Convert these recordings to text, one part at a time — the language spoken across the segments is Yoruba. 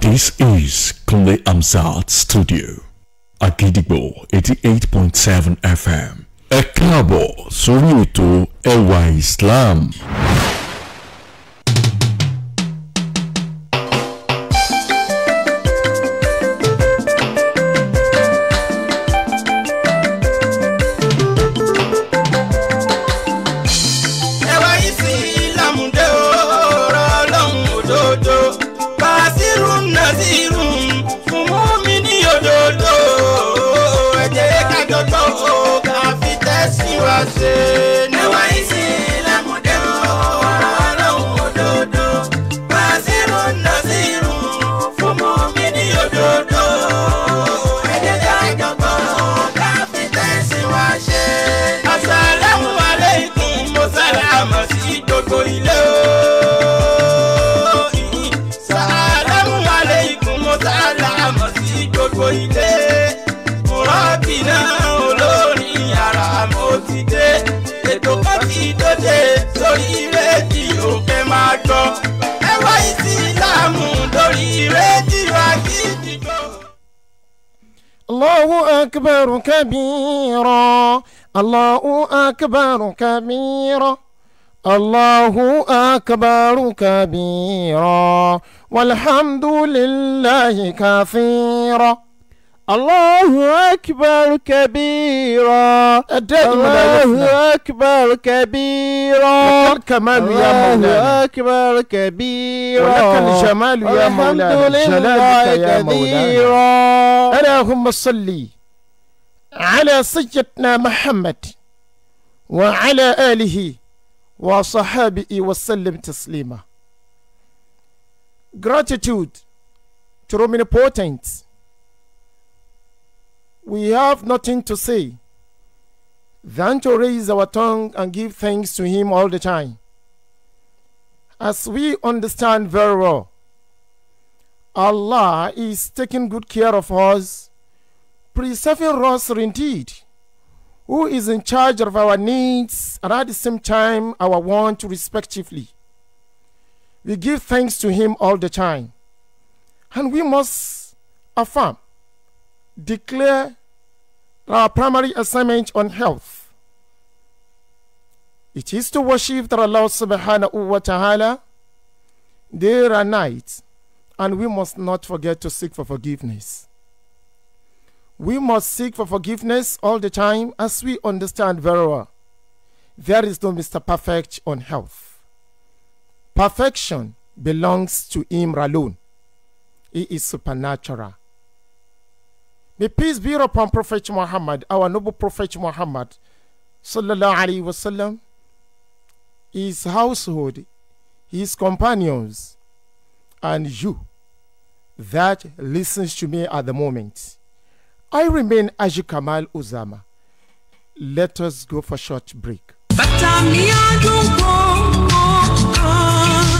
This is Kunle Amzat Studio, Agidigbo 88.7 FM. Ẹ káàbọ̀ sórí Ẹwà Islam. الله أكبر كبيرا الله أكبر كبيرا الله أكبر كبيرا والحمد لله كثيرا الله أكبر كبيرا الله أكبر كبيرا الكمال يا مولانا أكبر كبيرا ولك الجمال يا مولانا الحمد لله كبيرا اللهم صل على سيدنا محمد وعلى آله وصحابه وسلم تسليما Gratitude to omnipotent we have nothing to say than to raise our tongue and give thanks to Him all the time. As we understand very well, Allah is taking good care of us, preserving us indeed, who is in charge of our needs and at the same time our wants respectively. We give thanks to Him all the time, and we must affirm, declare our primary assignment on health. It is to worship the Allah subhanahu wa ta'ala day and night, and we must not forget to seek for forgiveness. We must seek for forgiveness all the time as we understand very well. There is no Mr. Perfect on health. Perfection belongs to Him alone. He is supernatural. May peace be upon Prophet Muhammad, our noble Prophet Muhammad, sallallahu alaihi wasallam, his household, his companions, and you that listens to me at the moment. I remain Aji Kamal Uzama. Let us go for short break.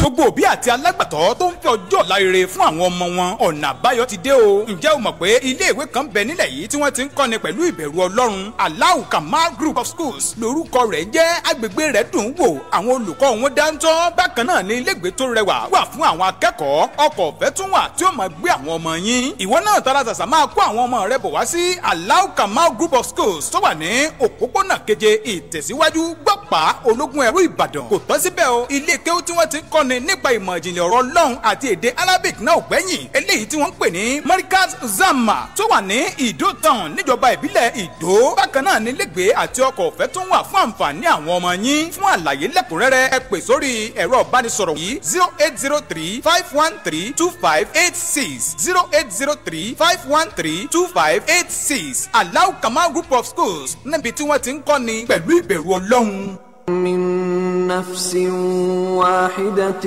gbogbo òbí àti alágbàtọ́ tó ń fẹ́ ọjọ́ ọ̀la rere fún àwọn ọmọ wọn ọ̀nà àbáyọ ti dé o ǹjẹ́ o mọ̀ pé ilé ìwé kan bẹ nílẹ̀ yìí tí wọ́n ti ń kọ́ni pẹ̀lú ìbẹ̀rù ọlọ́run Allahu Kamal Group of Schools lórúkọ rẹ̀ jẹ́ agbègbè rẹ̀ dùn wò àwọn olùkọ́ wọn dáńtọ́ bákan náà ni ilégbèé tó rẹwà wà fún àwọn akẹ́kọ̀ọ́ ọkọ̀ ọ̀fẹ́ tún wà tí ó máa gbé àwọn ọmọ yín ìwọ náà tara tàṣà máa kó àwọn ọmọ rẹ bọ̀ wá sí Allahu Kamal Group of Schools ìkọ́ni nípa ìmọ̀ ìjìnlẹ̀ ọ̀rọ̀ ọlọ́run àti èdè arabic náà ò pẹ́yìn eléyìí tí wọ́n ń pè ní marikaz zama tó wà ní ìdó town níjọba ìbílẹ̀ ìdó bákan náà ní lẹ́gbẹ̀ẹ́ àti ọkọ̀ ọ̀fẹ́ tó ń wà fún àǹfààní àwọn ọmọ yín fún àlàyé lẹ́kùnrẹ́rẹ́ ẹ pè sórí ẹ̀rọ ìbánisọ̀rọ̀ yìí zero eight zero three five one three two five eight six zero eight zero three five one three two five eight six alau kamal group of schools níbi tí wọ́n ti ń kọ́ni pẹ̀lú ìbẹ̀rù ọlọ́run. نفس واحدة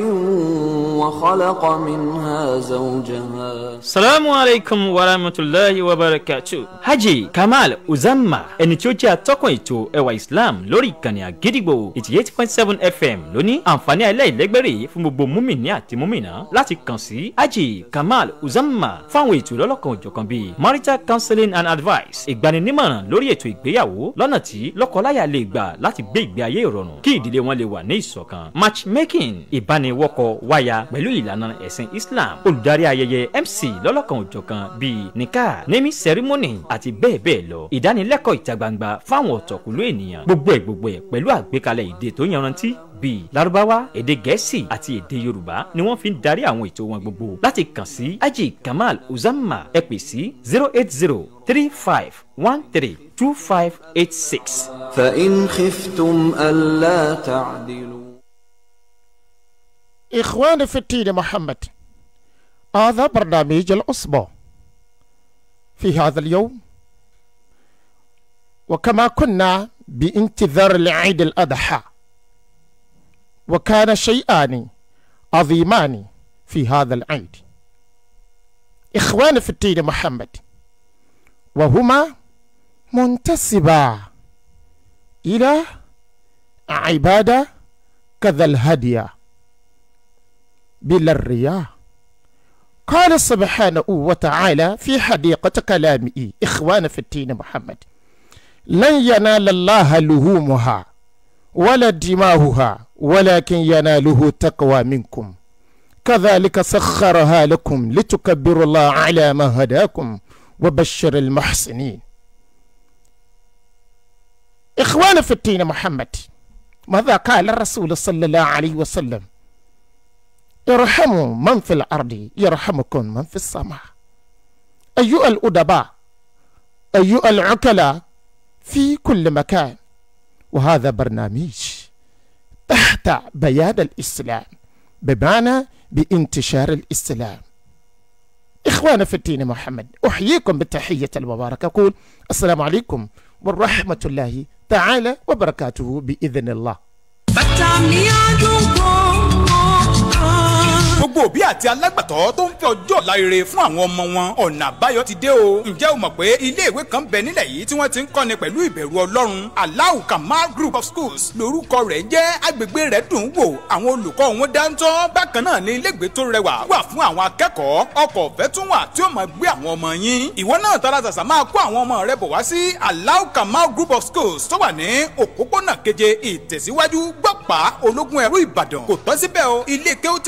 وخلق منها زوجها السلام عليكم ورحمة الله وبركاته Haji Kamal Uzama ẹni tí ó jẹ́ atọ́kùn ètò ẹwà Islam lórí ìkànnì àgídìgbò eighty eight point seven FM lóní àǹfààní aláìlẹ́gbẹ̀rẹ̀ fún gbogbo múmìnì àti múmìnà láti kàn sí Haji Kamal Uzama fáwọn ètò lọ́lọ́kan òjọ̀kan bíi marital counseling and advice ìgbaninímọ̀ràn lórí ètò ìgbéyàwó lọ́nà tí lọ́kọláya lè gbà láti gbé ìgbé ayé ìrọ̀rùn kí ìdílé wọn lè wà ní ìṣọ̀kan matchmaking ìbániwọ́kọ̀ wáyà pẹ̀lú ìlànà ẹ̀sìn Islam olùdarí ayẹyẹ MC lọ́lọ́kan òjọ̀kan bíi nika nemi ceremony àti bẹ́ẹ̀ bẹ́ẹ̀ lọ ìdánilẹ́kọ̀ọ́ ìta gbangba fáwọn ọ̀tọ̀kùlú ènìyàn gbogbo ẹ̀ gbogbo ẹ̀ pẹ̀lú àgbékalẹ̀ ìdè tó yanrantí bíi Lárúbáwá èdè Gẹ̀ẹ́sì àti èdè Yorùbá ni wọ́n fi ń darí àwọn ètò wọn gbogbo láti kàn sí aji Kamal Uzamma ẹ pè sí zero eight zero three five one three two five eight six. فإن خفتم ألا تعدلوا. إخواني في الدين محمد هذا برنامج الأصبع في هذا اليوم وكما كنا بانتظار العيد الأضحى وكان شيئان عظيمان في هذا العيد إخوان في الدين محمد وهما منتسبا إلى عبادة كذا الهدية بلا الرياء قال سبحانه وتعالى في حديقة كلامه إخوان في الدين محمد لن ينال الله لهومها ولا دماؤها ولكن يناله تقوى منكم كذلك سخرها لكم لتكبروا الله على ما هداكم وبشر المحسنين إخوان في الدين محمد ماذا قال الرسول صلى الله عليه وسلم ارحموا من في الأرض يرحمكم من في السماء أيها الأدباء أيها العقلاء في كل مكان وهذا برنامج تحت بيان الإسلام بمعنى بانتشار الإسلام إخوانا في الدين محمد أحييكم بالتحية المباركة أقول السلام عليكم ورحمة الله تعالى وبركاته بإذن الله gbogbo òbí àti alágbàtọ́ tó ń fẹ́ ọjọ́ ọ̀la fún àwọn ọmọ wọn ọ̀nà àbáyọ ti dé o ǹjẹ́ o mọ̀ pé ilé ìwé kan bẹ nílẹ̀ yìí tí wọ́n ti ń kọ́ni pẹ̀lú ìbẹ̀rù ọlọ́run Alau Kamal Group of Schools lórúkọ rẹ̀ jẹ́ agbègbè rẹ̀ dùn wò àwọn olùkọ́ wọn dáńtọ́ bákan náà ni ilégbèé tó rẹwà wà fún àwọn akẹ́kọ̀ọ́ ọkọ̀ ọ̀fẹ́ tún wà tí ó máa gbé àwọn ọmọ yín ìwọ náà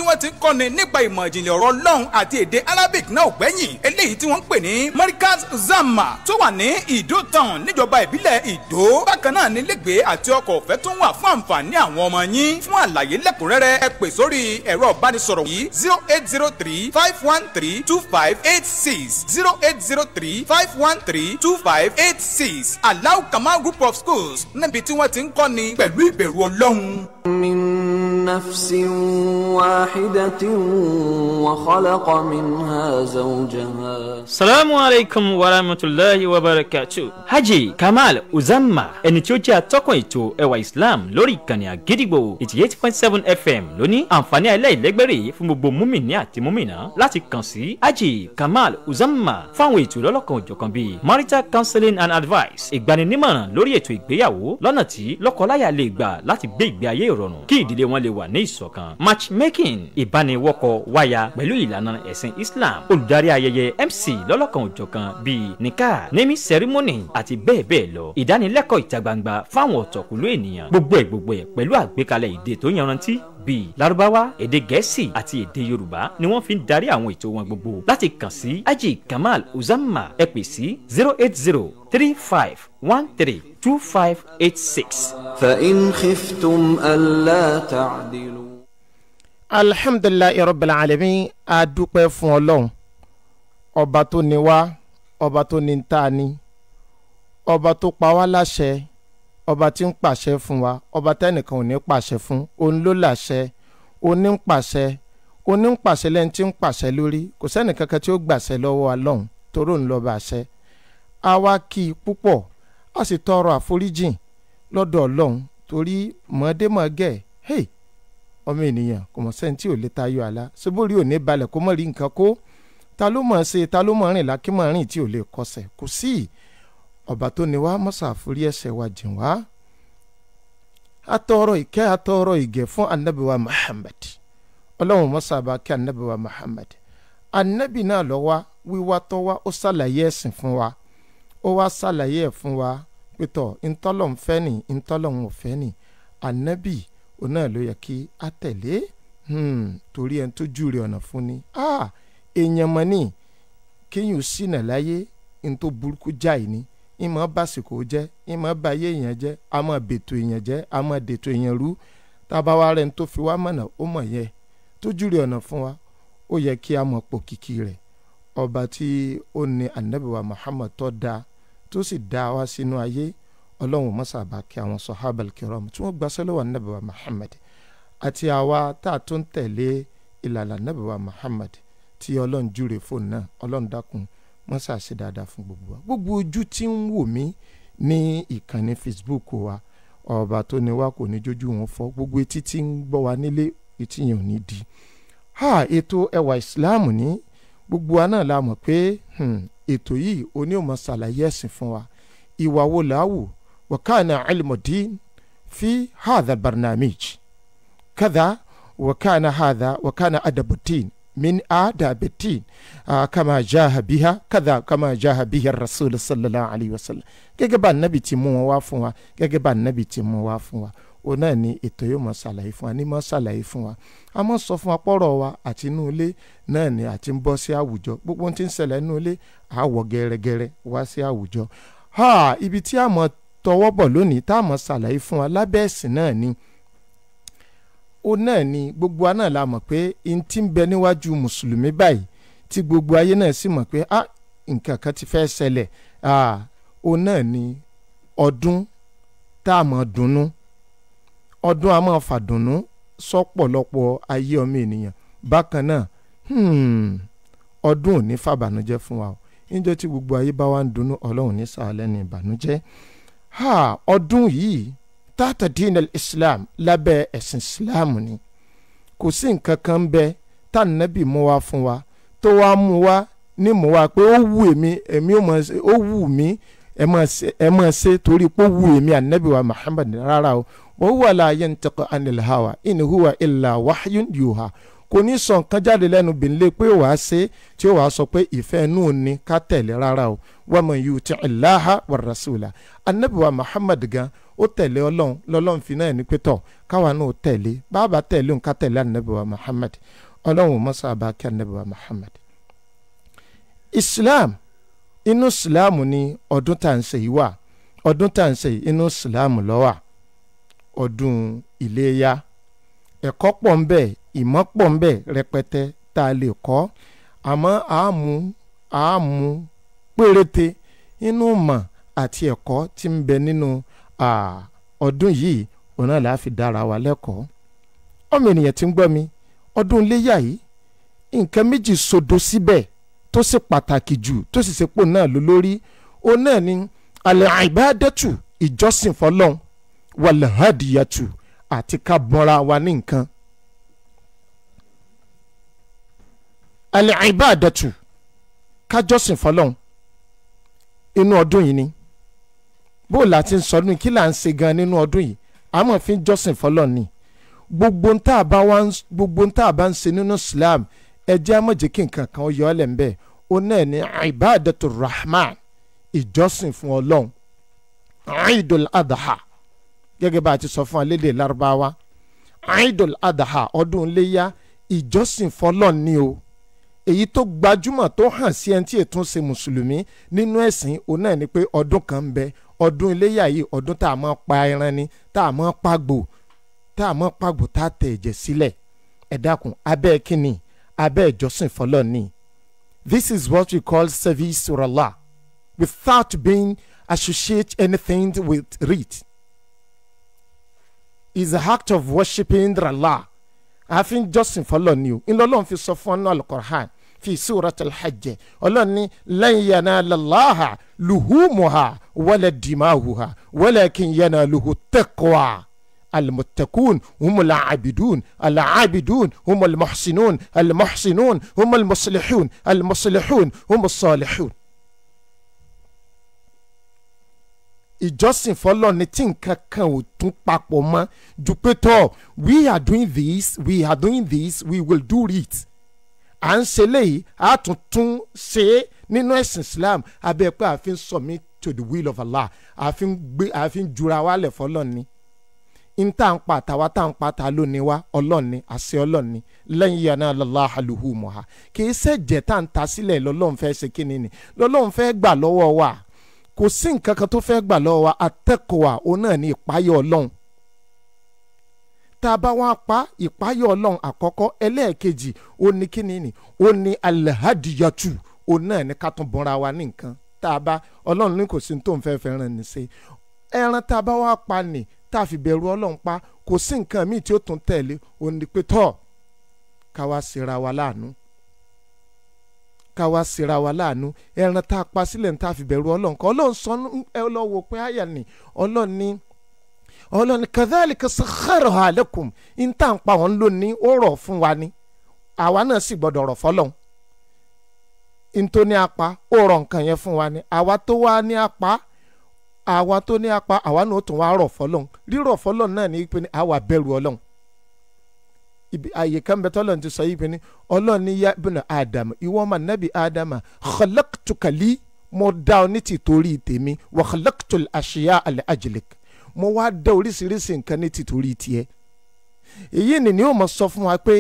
tara akọ́ni nípa ìmọ̀ ìjìnlẹ̀ ọ̀rọ̀ ọlọ́run àti èdè arabic náà gbẹ̀yìn eléyìí tí wọ́n ń pè ní marikaz zama tó wà ní ìdó níjọba ìbílẹ̀ ìdó bákan náà ní lẹ́gbẹ̀ẹ́ àti ọkọ̀ ọ̀fẹ́ tó ń wà fún àǹfààní àwọn ọmọ yín fún àlàyé lẹ́kùnrẹ́rẹ́ ẹ pè sórí ẹ̀rọ ìbánisọ̀rọ̀ yìí zero eight zero three five one three two five eight six zero eight zero three five one three two five eight six alau kama group of schools níbi tí wọ́n ti ń kọ́ni pẹ̀lú ìbẹ̀rù ọlọ́run. نفس واحدة وخلق منها زوجها السلام عليكم ورحمة الله وبركاته Haji Kamal Uzama ẹni tí ó jẹ́ atọ́kùn ètò ẹwà Islam lórí ìkànnì àgídìgbò eighty eight point seven FM lóní àǹfààní aláìlẹ́gbẹ̀rẹ̀ fún gbogbo múmìnì àti múmìnà láti kàn sí Haji Kamal Uzama fáwọn ètò lọ́lọ́kan òjọ̀kan bíi marital counseling and advice ìgbaninímọ̀ràn lórí ètò ìgbéyàwó lọ́nà tí lọ́kọláya lè gbà láti gbé ìgbé ayé ìrọ̀rùn kí ìdílé wọn lè wà ní ìṣọ̀kan matchmaking ìbániwọ́kọ̀ wáyà pẹ̀lú ìlànà ẹ̀sìn Islam olùdarí ayẹyẹ MC lọ́lọ́kan òjọ̀kan bíi nika naming ceremony àti bẹ́ẹ̀ bẹ́ẹ̀ lọ ìdánilẹ́kọ̀ọ́ ìta gbangba fáwọn ọ̀tọ̀kùlú ènìyàn gbogbo ẹ̀ gbogbo ẹ̀ pẹ̀lú àgbékalẹ̀ ìdè tó yanrantí bíi Lárúbáwá èdè Gẹ̀ẹ́sì àti èdè Yorùbá ni wọ́n fi ń darí àwọn ètò wọn gbogbo láti kàn sí Haji Kamal Uzama ẹ pè sí zero eight zero three five one three 2586. فإن خفتم ألا تعدلوا alhamdulilayi rabbil alamin a dúpẹ́ fún ọlọ́run ọba tó ní wá ọba tó ní ta ni ọba tó pa wá láṣẹ ọba tí ń pàṣẹ fún wa ọba tẹnìkan ò ní pàṣẹ fún òun ló láṣẹ òun ń pàṣẹ òun ń pàṣẹ lẹ́ni tí ń pàṣẹ lórí kò sẹ́nìkankan tí ó gbàṣẹ lọ́wọ́ ọlọ́run toró ń lọ́ba àṣẹ àwa kì í púpọ̀ ó sì tọrọ àforíjìn lọ́dọ̀ ọlọ́run torí mọ̀ọ́démọ̀ọ́gẹ̀ hey ọmọ ènìyàn kò mọ̀ sẹ́ni tí ò lè tayọ àlá ṣebórí ò ní balẹ̀ kó mọ̀ rí nǹkan kó ta ló mọ̀ ṣe ta ló mọ̀ rìn lákì mọ̀ rìn tí ò lè kọsẹ̀ kò sí ọba tó ní wá mọ́sà àforí ẹ̀ṣẹ̀ wa jìn wá. atọrọ ìkẹ́ atọrọ ìgẹ̀ fún anabi wa Muhammad ọlọ́run mọ́sà bá kí anabi wa Muhammad anabi náà lọ wá wíwá tọ́ wá ó ṣàlàyé ẹ̀sìn fún Wa ó wá ṣàlàyé ẹ̀ fún wa pé tọ̀ ntọ́lọ̀ ń fẹ́ nì ntọ́lọ̀ ń fẹ́ nì ànábì òun náà ló yẹ kí a tẹ̀lé hmm, torí ẹni tó júre ọ̀nà fún ni ah, èèyàn mọ̀ ní kéèyàn ṣìnà láyé ní tó burúkú jáì ni ìmọ̀ básìkò jẹ́ ìmọ̀ báyé èèyàn jẹ́ a máa bètò èèyàn jẹ́ a máa dètò èèyàn rú tábàwá rẹ̀ ní tó fi wá mọ̀nà ó mọ̀ yẹn tó júre ọ̀nà fún wa ó yẹ kí a mọ̀ pò kìkì rẹ̀ ọba tí ó ní anabiwa Muhammad tó dáa tó sì dá wa sínú ayé ọlọ́run mọ́sàbá kí àwọn sọ̀hábàl kìrọ̀mù tí wọ́n gbaṣẹ́ lọ́wọ́ nàbẹ̀wá Muhammad àti àwa tá a tó ń tẹ̀lé ìlànà nàbẹ̀wá Muhammad tí ọlọ́run júre fóònù náà ọlọ́run dákun mọ́sàṣe dáadáa fún gbogbo wa gbogbo ojú tí ń wò mí ní ìkànnì Facebook wa ọba tó ní wa kò ní jójú wọn fọ gbogbo etí tí ń gbọ́ wa nílé etí yẹn ò ní di ha ètò ẹwà ìsìláàmù ní gbogbo wa náà la mọ̀ pé hmm, ètò yìí oní ó máa ṣàlàyé ẹ̀sìn fún wa ìwà wo làáwù wakana ilmudin fi hadha barnamij kada wakana hadha wakana adabutin min adabutin kama jaha biha kadha kama jaha biha rasul sallallahu alaihi wa sallam gẹ́gẹ́ bá nàbì ti mú wọn fún wa gẹ́gẹ́ bá nàbì ti mú wọn fún wa òun náà ni ètò yóò máa ṣàlàyé fún wa ní máa ṣàlàyé fún wa a máa sọ fún wa pọ́rọ̀ wa àti inú ilé náà ni àti ń bọ́ sí àwùjọ gbogbo ohun tí ń ṣẹlẹ̀ inú ilé à wọ̀ gẹ́rẹ́gẹ́rẹ́ wá sí àwùjọ ha ibi tí a máa tọwọ́ bọ̀ lónìí tá a máa ṣàlàyé fún wa lábẹ́ ẹ̀sìn náà ni ó náà ni gbogbo wa náà la mọ̀ pé n ti ń bẹ níwájú mùsùlùmí báyìí tí gbogbo ayé náà sì mọ̀ pé nǹkan kan ti ọdún a máa fàdùnnú sọ́pọ̀lọpọ̀ ayé ọmọ ènìyàn bákan náà hmm, ọdún ò ní fàbànújẹ́ fún wa o níjọ́ tí gbogbo ayé bá wá ń dunnú ọlọ́run ní sàálẹ̀ ní ìbànújẹ́ ọdún yìí tààtà dín islam lábẹ́ ẹ̀sìn islam ni kò sí nǹkan kan bẹ tànàbì mú wa fún wa tó wá mú wa ní mú wa pé ó wù mí èmi ó wù mí ẹ máa ṣe torí pé ó wù mí ànábì wa Muhammad rárá o wa huwa la yantiqu anil hawa in huwa illa wahyun yuha kò ní sọ nǹkan jáde lẹ́nu bìnlẹ̀ pé wàá ṣe tí ó wàá sọ pé ìfẹ́ inú ni ká tẹ̀lé rárá o wa man yuti Allaha wa rasula anabiwa Muhammad gan ó tẹ̀lé ọlọ́run lọ́lọ́run fi náà ní pétọ́ káwa náà tẹ̀lé bàbá tẹ̀lé òun tẹ̀lé anabiwa Muhammad ọlọ́run mọ́sá bá kí anabiwa Muhammad. Islam inú Islam ni ọdún tá ń ṣe yìí wà ọdún tá ń ṣe yìí inú Islam ló ọdún iléyá ẹ̀kọ́ pọ̀ ń bẹ ìmọ̀ pọ̀ ń bẹ rẹpẹtẹ tá a lè kọ́ àmọ́ àámu àámu péréte inú mọ̀ àti ẹ̀kọ́ tí ń bẹ nínú ọdún yìí òun náà láà dára wa lẹ́kọ̀ọ́ ọmọ ènìyàn ti ń gbọ́ mi ọdún iléyá yìí nǹkan méjì sodo síbẹ̀ tó sì pàtàkì jù tó sì sepò náà lólórí òun náà ni al-ibadatu ìjọsìn fọlọ́hún wàlhádìyàtù àti ká bọ́ra wa ní nǹkan. al-ibadatu ká jọ́sìn fọlọ́n inú ọdún yìí ni bó la ti ń sọdún kí là ń ṣe gan nínú ọdún yìí àmọ́ fi ń jọ́sìn fọlọ́n ni gbogbo ń tà bá wá gbogbo ń tà ṣe nínú Islam ẹjẹ́ amọ̀jẹ́ kí yọ ọ́ lẹ̀ ń bẹ̀ ó náà ní ibadatu rahman ìjọ́sìn fún ọlọ́run Eidul Adha gẹ́gẹ́ bá a ti sọ fún alédè Lárúbáwá idol adaha ọdún iléyà ìjọsìn fọlọ́n ni o èyí tó gbajúmọ̀ tó hàn sí ẹni tí ètò ń ṣe mùsùlùmí nínú ẹ̀sìn òun náà ni pé ọdún kan ń bẹ ọdún iléyà yìí ọdún tá a máa pa ẹran ni tá a máa pàgbò tá a máa pàgbò tá a tẹ̀ ẹ̀jẹ̀ sílẹ̀ ẹ dákun abẹ́ kínní abẹ́ ìjọsìn fọlọ́n ni this is what we call service to Allah without being associated anything with rite. is the act of worshiping the Allah àfin jọ́sìn fọlọ́ ni o ńlọ́lọ́run fi sọ fún ọ́nà al-Qur'an fi surat al-hajj ọlọ́run ní lan yanala Allaha luhumuha wala dimahuha walakin lùhù taqwa المتقون هم العابدون العابدون هم المحسنون المحسنون هم المصلحون المصلحون هم الصالحون ìjọsìn fọlọ́ ni tí nǹkan kan ò tún papọ̀ mọ́ ju pé tọ́ we are doing this we are doing this we will do it à ń ṣe léyìí a tún tún ṣe é nínú ẹ̀sìn Islam abẹ́ pé a fi submit to the will of Allah a fi ń gbé a fi ń jura wálẹ̀ fọlọ́ ni n tá n pa àtàwa tá n pa àtà lónìí wa ọlọ́ọ̀ni àṣẹ ọlọ́ọ̀ni lẹ́yìn yàrá lọ́lá àlùhùmọ̀ha kì í ṣẹ̀jẹ̀ tá n ta sílẹ̀ lọ́lọ́run fẹ́ ṣe kí ni ni lọ́lọ́run fẹ́ gbà lọ́wọ́ wa kò sí nǹkan kan tó fẹ́ gbà lọ́wọ́ wa àtẹ́kọ̀wà òun náà ní ìpáyọ̀ ọlọ́run tá a bá wá pa ìpáyọ̀ ọlọ́run àkọ́kọ́ ẹlẹ́ẹ̀kejì ó ní kíni ni ó ní alahadiyatu òun náà ní ká tún bọ́ra wa ní nǹkan tá a bá ọlọ́run ní kò sí tó fẹ́ fẹ́ràn ní ṣe ẹran tá a bá wá pa nì tá a fi bẹ̀rù ọlọ́run pa kò sí nǹkan míì tí ó tún tẹ̀lé òun ni pé tọ́ ká wá ṣera wa láàánú ká wá síra wa láàánú ẹran tá a pa sílẹ̀ ń tá a fi bẹ̀rù ọlọ́run kan ọlọ́run sọ ẹ lọ́wọ́ pé àyà ni ọlọ́run ni ọlọ́run ni kadhalika sakharaha lakum ń tà ń pa wọn lónìí ó rọ̀ fún wa ni àwa náà sì gbọ́dọ̀ rọ̀ fọlọ́run ntoni apá ó rọ̀ nǹkan yẹn fún wa ni àwa tó wá ní apá àwa tó ní apá àwa náà ó tún wá rọ̀ fọlọ́run rírọ̀ fọlọ́run náà ní pé àwa bẹ̀rù ọlọ́run ibi àyè kan bẹ tọ́lọ̀ ti sọ yìí pé ní ọlọ́run ní yá ibùnà ádámù ìwọ ọmọ nàbì ádámù khalaqtukali mo dá ọ ní ti torí tèmi wa khalaqtul àṣìyá àlẹ́ àjèlèk mo wá dá oríṣiríṣi nǹkan ní ti torí tiẹ̀ èyí ni ni ó mọ sọ fún wa pé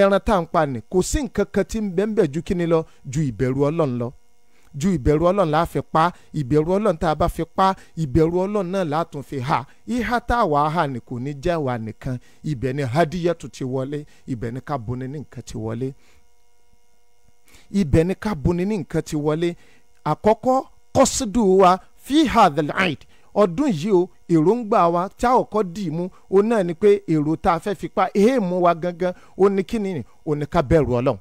ẹran tá à ń pa ni kò sí nǹkan kan tí bẹ́ẹ̀ bẹ́ẹ̀ ju kíni lọ ju ìbẹ̀rù ọlọ́run lọ ju ìbẹ̀rù ọlọ́run la fi pa ìbẹ̀rù ọlọ́run tá a bá fi pa ìbẹ̀rù ọlọ́run náà látún fi hà ìhà tá a wà á hà ní kò ní jẹ́ wà nìkan ibẹ̀ ni hadiyatu ti wọlé ibẹ̀ ni ká buni ní nǹkan ti wọlé ibẹ̀ ni ká buni ní nǹkan ti wọlé àkọ́kọ́ kọ́sídù wa fi hadhal aid ọdún yìí o èròǹgbà wa tá ò kọ́ dì í mú o náà ni pé èrò tá a fẹ́ fi pa èèmù wa gangan o ní kíni o ní ká bẹ̀rù ọlọ́run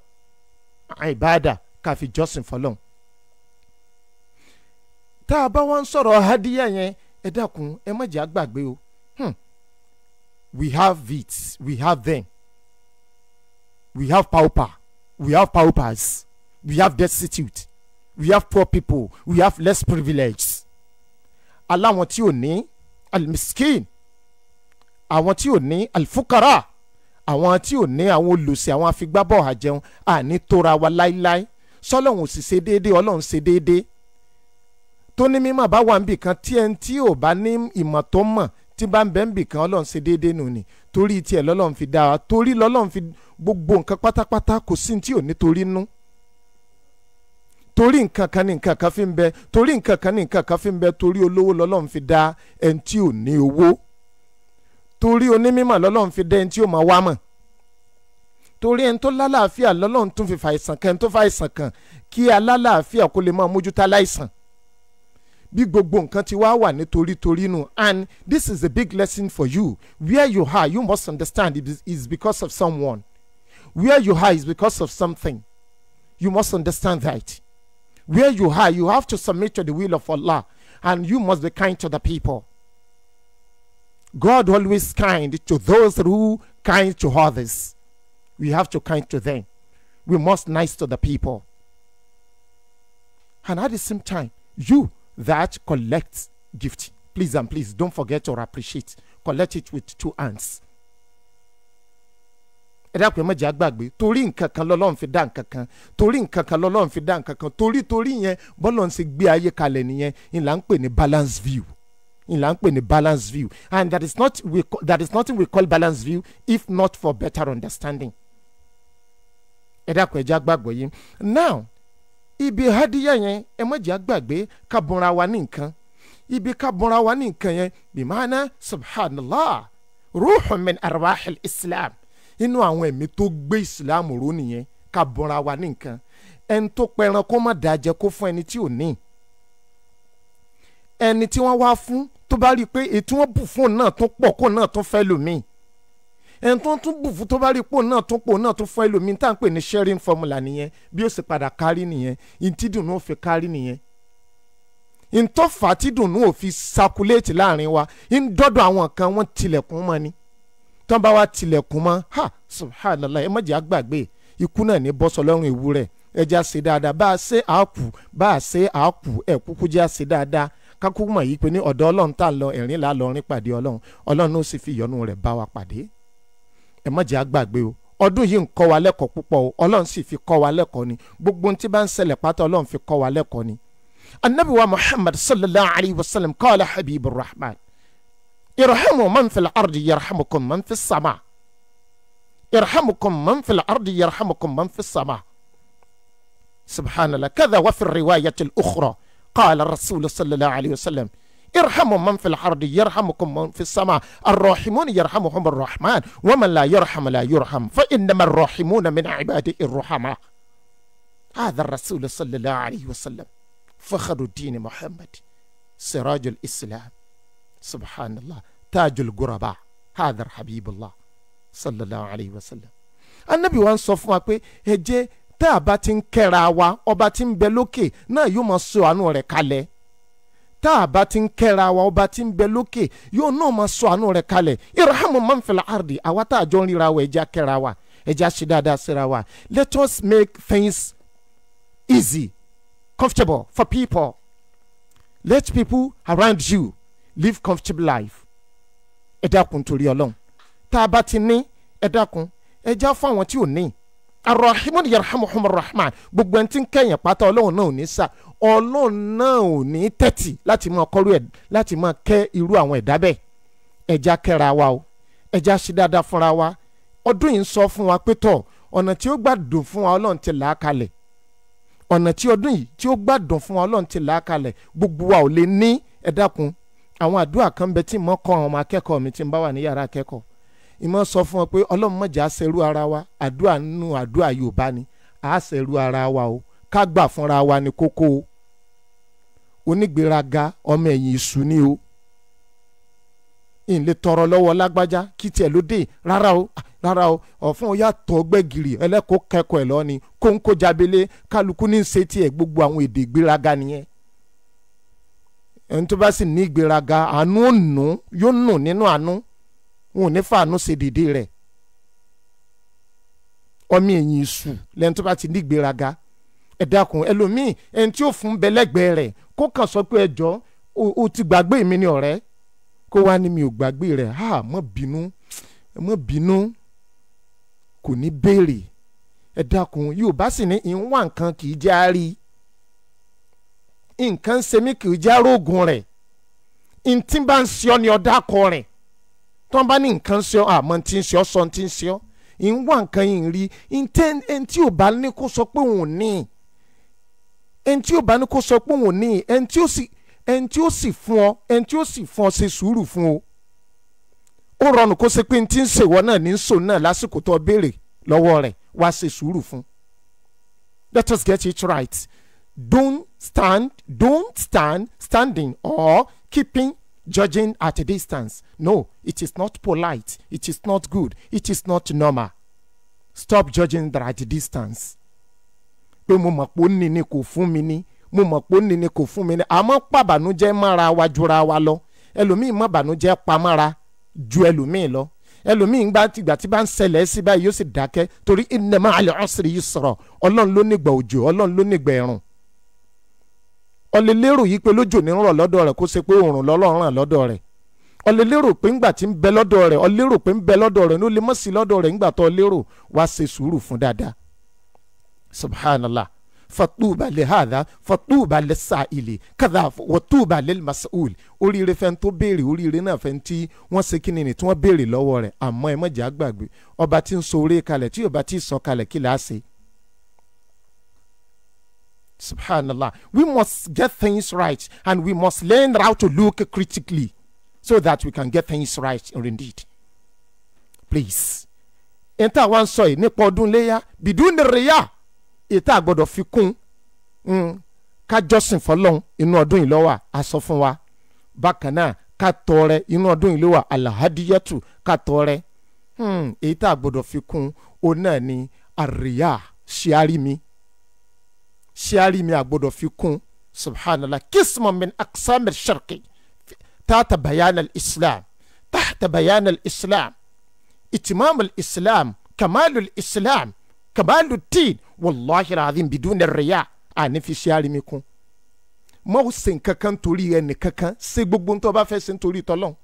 àìbáàdà ká fi jọ́sìn fọlọ́run tá a bá wá ń sọ̀rọ̀ hadiya yẹn ẹ dákun ẹ má jẹ́ àgbàgbé o hmm. we have it we have them we have pauper we have paupers we have destitute we have poor people we have less privileged aláwọn tí ò ní alimiskin àwọn tí ò ní alifukara àwọn tí ò ní àwọn olùsí àwọn afigbábọ̀ àjẹun àní tóra wa láíláí sọlọ́run ò sì ṣe déédéé ọlọ́run ṣe déédéé tó ní mímọ̀ bá wà níbì kan tí ẹni tí ò bá ní ìmọ̀ tó mọ̀ tí bá ń bẹ́ níbì kan ọlọ́run ṣe déédéé nù ni torí tiẹ̀ lọ́lọ́run fi dá wa torí lọ́lọ́run fi gbogbo nǹkan pátápátá kò sí tí ò ní torí nú torí nǹkan kan ní nǹkan kan fi ń bẹ torí nǹkan kan ní nǹkan kan fi ń bẹ torí olówó lọ́lọ́run fi dá ẹni tí ò ní owó torí onímọ̀ lọ́lọ́run fi dá ẹni tí ò máa wá mọ̀ torí ẹni tó lálàáfíà lọ́lọ́run tún fi fàìsàn kan ẹni tó fàìsàn kan kí alálàáfíà kó lè máa mójútó aláìsàn bí gbogbo nǹkan ti wá wà nítorí torí nù and this is a big lesson for you where you are you must understand it is because of someone where you are is because of something you must understand that where you are you have to submit to the will of Allah and you must be kind to the people God always kind to those who kind to others we have to kind to them we must nice to the people and at the same time you that collects gift. Please and please don't forget or appreciate. Collect it with two hands. ẹ dákun ẹ má jẹ́ àgbàgbé torí nǹkan kan lọ́lọ́run fi dá nǹkan kan torí nǹkan kan lọ́lọ́run fi dá nǹkan kan torí torí yẹn bọ́lọ̀ ń ṣe gbé ayé kalẹ̀ nìyẹn ìlà ń pè ní balance view ìlà ń pè ní balance view and that is not we that is nothing we call balance view if not for better understanding. ẹ dákun ẹ jẹ́ àgbàgbọ́ yìí now ibi hádìyà yẹn ẹ má jẹ́ àgbàgbé ká bùnra wa ní nǹkan ibi ká bùnra wa ní nǹkan yẹn bìmánà subhanallah ruhun min arwahil islam inú àwọn ẹ̀mí tó gbé islam ró nìyẹn ká bùnra wa ní nǹkan ẹni tó pẹran kó má dáa jẹ kó fún ẹni tí ò ní ẹni tí wọ́n wá fún tó bá rí i pé ètò wọn bù fún náà tó pọ̀ kó náà tó fẹ́ lòmíì ẹni tó ń tún bù fún tó bá rí ipò náà tún pò náà tún fún ẹlòmíín tá à ń pè ní sharing formula nìyẹn bí ó sì padà kárí nìyẹn ìtìdùnnú ò fi kárí nìyẹn ìtọ́fà tìdùnnú ò fi circulate láàrin wa ń dọ́dọ̀ àwọn kan wọ́n tilẹ̀kùn mọ́ ni tán bá wa tilẹ̀kùn mọ́ ha subhanallah ẹ má jẹ́ àgbàgbé ikú náà ní bọ́sọ̀ lọ́rùn ìwúrẹ́ ẹja ṣe dáadáa bá a ṣe àákù bá a ṣe àákù ẹ kúkú jẹ́ àṣe dáadáa kákú mọ̀ yìí pé ní ọ̀dọ̀ ọlọ́run tá a lọ ẹ̀rín là lọ́rin pàdé ọlọ́run ọlọ́run ó sì fi ìyọ́nú rẹ̀ bá wa pàdé. ẹ má jẹ́ àgbàgbé o ọdún yìí ń kọ́ wa lẹ́kọ̀ọ́ púpọ̀ o ọlọ́run sì fi kọ́ wa lẹ́kọ̀ọ́ ni gbogbo ohun tí bá ń ṣẹlẹ̀ pátá ọlọ́run fi kọ́ wa lẹ́kọ̀ọ́ ni. anabi wa muhammad sallallahu alayhi wa sallam qala habibu rahman irahamu man ardi yarhamukum man fis sama irhamukum man fil ardi yarhamukum man fis sama subhanallah kadha wa fi riwayatil ukhra qala rasul sallallahu alayhi wa sallam ارحموا من في الأرض يرحمكم من في السماء الراحمون يرحمهم الرحمن ومن لا يرحم لا يرحم فإنما الراحمون من عباده الرحماء هذا الرسول صلى الله عليه وسلم فخر الدين محمد سراج الإسلام سبحان الله تاج القرباء هذا حبيب الله صلى الله عليه وسلم النبي وان صفوا ما ẹ̀jẹ̀ tá تا bá ti ń بلوكي نا يوم tí ń bẹ tá a bá ti ń kẹ́ra wa ọba ti ń bẹ lókè yóò náà máa sọ àánú rẹ̀ kalẹ̀ irhamu man fil ardi àwa tá a jọ ń ríra wa ẹja kẹ́ra wa ẹja ṣe dáadáa síra wa let us make things easy comfortable for people let people around you live comfortable life ẹ dákun torí Ọlọ́run tá a bá ti ní ẹ dákun ẹ já fún àwọn tí ò ní arahimun yarhamuhum rahman gbogbo ẹni tí ń kẹyìn pátá ọlọ́run náà ò ní sà ọlọ́run náà ò ní tẹ́tì láti máa kọ́rú ẹ̀ láti máa kẹ́ irú àwọn ẹ̀dá bẹ́ẹ̀ ẹja kẹ́ra wa o ẹja ṣe dáadáa fúnra wa ọdún yìí ń sọ fún wa pé tọ̀ ọ̀nà tí ó gbà fún wa ọlọ́run ti là á kalẹ̀ ọ̀nà tí ọdún yìí tí ó gbà fún wa ọlọ́run ti là á kalẹ̀ gbogbo wa ò lè ní ẹ dákun àwọn àdúrà kan bẹ tí mo kọ́ àwọn akẹ́kọ̀ọ́ mi tí ń bá wà ní yàrá akẹ́kọ̀ọ́ ìmọ̀ sọ fún wọn pé ọlọ́run má jẹ́ àṣẹrú ara wa àdúrà nínú àdúrà yorùbá ni àṣẹrú ara wa o ká gbà fúnra wa ní kókó o onígbéraga ọmọ ẹ̀yìn ìṣù ni o ìlè tọrọ lọ́wọ́ lágbájá kí tiẹ̀ ló dé rárá o ah, rárá o ọ̀fun ó yàtọ̀ gbẹ̀gìrì ẹlẹ́kọ̀ọ́ kẹ́kọ̀ọ́ ẹ̀ lọ́ni kóńkó jábélé kálukú ní í ṣe gbogbo àwọn èdè ìgbéraga nìyẹn ẹni tó bá sì ní ìgbéraga àánú ò nù yóò nù nínú àánú wọn ò ní fàánú ṣe dìde rẹ̀ ọmọ èyí sù lẹ́ni tó bá ti nígbéraga ẹ dákun ẹlòmíì ẹni tí ó fún bẹlẹ́gbẹ̀ẹ́ rẹ̀ kó kàn sọ pé ẹjọ́ o ti gbàgbé mi ní ọ̀rẹ́ kó wá ní mi ò gbàgbé rẹ̀ ha mọ́ bínú mọ́ bínú kò ní béèrè ẹ dákun Yorùbá sì ní ìwà nǹkan kì í já rí nǹkan ṣe mí kì í já rógùn rẹ̀ ntí bá ń ṣe ọ ní ọ̀dà rẹ̀ tó ń bá ní nǹkan ṣe ọ́ àmọ́ tí ń ṣe ọ́ sọ tí ń ṣe ọ́ ń wá nǹkan yìí ń rí ẹni tí ò bá ní kó sọ pé òun ní ẹni tí ò bá ní kó sọ pé òun ní ẹni tí ó sì fún ọ ẹni tí ó sì fún ọ ṣe sùúrù fún o ó rọrùn kó ṣe pé ní tí ń ṣèwọ náà ní sò náà lásìkò tó béèrè lọ́wọ́ rẹ̀ wá ṣe sùúrù fún let us get it right don't stand don't stand standing or keeping judging at a distance. No, it is not polite. It is not good. It is not normal. Stop judging that at a distance. Pé mo mọ̀ pé ó ní ni kò fún mi ní mo mọ̀ pé ó ní ni kò fún mi ní àmọ́ pàbànújẹ́ mára wa jura wa lọ ẹlòmíì mọ̀ bànújẹ́ pamára ju ẹlòmíì lọ ẹlòmíì gba tìgbà tí bá ń ṣẹlẹ̀ sí báyìí yóò sì dákẹ́ torí inna ma'al usri yusra ọlọ́run ló nígbà òjò ọlọ́run ló nígbà ẹ̀rùn ọ̀lẹ́ lérò yìí pé lójò ní rọ̀ lọ́dọ̀ rẹ̀ kó ṣe pé òòrùn lọ́lọ́run ràn lọ́dọ̀ rẹ̀ ọ̀lẹ́ lérò pé ńgbà tí ń bẹ lọ́dọ̀ rẹ̀ ọ̀lẹ́ lérò pé ń bẹ lọ́dọ̀ rẹ̀ ní ó lè mọ̀ sí lọ́dọ̀ rẹ̀ ńgbà tó lérò wá ṣe sùúrù fún dáadáa subhanallah fatuba le hada fatuba le sa'ili kada watuba le masaul oríire fẹ́ tó béèrè oríire náà fẹ́ tí wọ́n ṣe kíni ni tí wọ́n béèrè lọ́wọ́ rẹ̀ àmọ́ ẹ má jẹ́ ọba tí ń so orí kalẹ̀ tí ọba tí ì sọ kalẹ̀ kí Subhanallah. We must get things right and we must learn how to look critically so that we can get things right Or indeed. Please. enter one wa ń sọ yìí nípa ọdún léyà bìdúndínríyà ìta àgbọ̀dọ̀ fi kún hmm. ká jọ́sìn fọlọ́hún inú ọdún yìí lọ́wọ́ a fún wa bákan náà ká tọrẹ inú ọdún yìí lọ́wọ́ alahadiyatu ká tọrẹ hmm. èyí àgbọ̀dọ̀ fi kún ni àríyá ṣe mi ṣíárì mi àgbọ̀dọ̀ fi kún subhanallah kismu min aqsam al-sharqi tata bayan al-islam tahta bayan al-islam itimam al-islam kamal al-islam kamal al-din wallahi al-azim bidun al-riya àní fi ṣíárì mi kún mọ ò ṣe nǹkankan torí ẹnì kankan ṣe gbogbo ntọ́ bá fẹ́ ṣe nítorí tọ́lọ́hún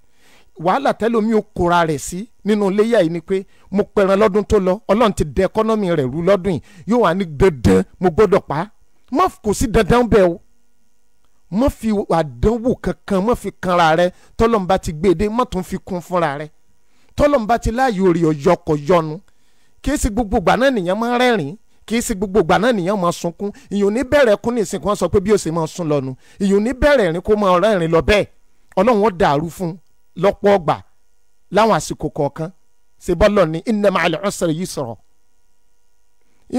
wàhálà tẹ́lómi ò kóra rẹ̀ sí nínú iléyà yìí ni pé mo pẹran lọ́dún tó lọ ọlọ́run ti dẹ ẹkọ́nọ́mì rẹ̀ rú lọ́dún yìí yóò wà ní dandan mo gbọ́dọ̀ pa á má kò sí dandan bẹ́ẹ̀ o má fi àdánwò kankan má fi kanra rẹ tọ́lọ́mùbá ti gbé e dé má tún fi kún fúnra rẹ tọ́lọ́mùbá ti láàyè orí ọ̀yọ́ kò yọnu kì í ṣe gbogbo ìgbà náà nìyẹn máa rẹ́rìn-ín kì í ṣe gbogbo ìgbà náà nìyẹn máa sunkún ìyọ̀n ní bẹ̀rẹ̀ kún ní ìsìnkú wọn sọ pé bí ó máa sún lọ́nu ìyọ̀n ní bẹ̀rẹ̀ rìn kó máa rẹ́rìn lọ bẹ́ẹ̀ ọlọ́run ó dàrú fún lọ́pọ̀ ọgbà láwọn àsìkò kọ̀ọ̀kan ṣe bọ́lọ̀ ní inna ma'al usri yusra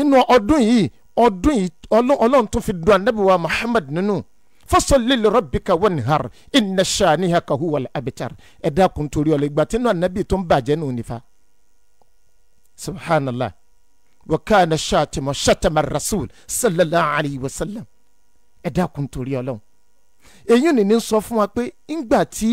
inú ọdún yìí ọdún yìí ọlọ́run tún fi dùn anábìwá Muhammad nínú fasalli li rabbika wanhar inna shanihaka huwal abtar ẹ dákun torí ọlọ ìgbà tínú anábì tó ń bàjẹ́ nù nífa subhanallah wa kana shatimo shatama rasul sallallahu alayhi wa sallam ẹ dákun torí ọlọ́run èyí ni ní sọ fún wa pé ńgbà tí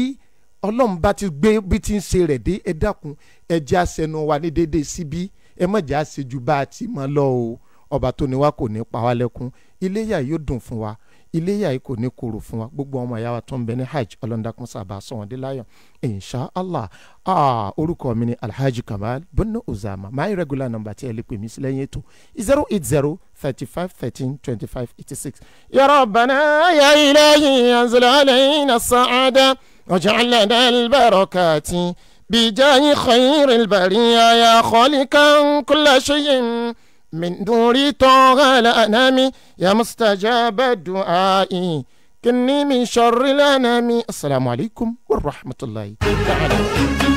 ọlọ́run bá ti gbé bí ti ń ṣe rẹ̀ dé ẹ dákun ẹ àṣẹnu wa ní déédéé síbí ẹ má jẹ́ bá a ti mọ́ lọ o ọba tó ní wá kò ní pa wá lẹ́kún iléyà yóò dùn fún wa iléyà yìí kò ní korò fún wa gbogbo ọmọ ìyá wa tó ń bẹ ní hajj ọlọ́ndàkùn sábà sọ̀wọ́n láyọ̀ insha allah ah, orúkọ mi ni alhaji kamal bunu uzama my regular number tí ẹ lè pè mí sí lẹ́yìn ètò zero eight zero thirty five thirteen twenty five eighty six. ya rabbana ya ilahi anzil alayna sa'ada waj'al lana al-barakati bijahi khayril bariyya ya khaliqan kulla shay'in. من دوري طغى الأنام يا مستجاب الدعاء كني من شر الأنامي السلام عليكم ورحمة الله تعالى